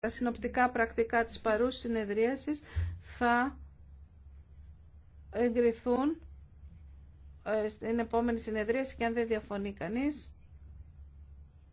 τα συνοπτικά πρακτικά της παρούς συνεδρίασης θα εγκριθούν ε, στην επόμενη συνεδρίαση και αν δεν διαφωνεί κανείς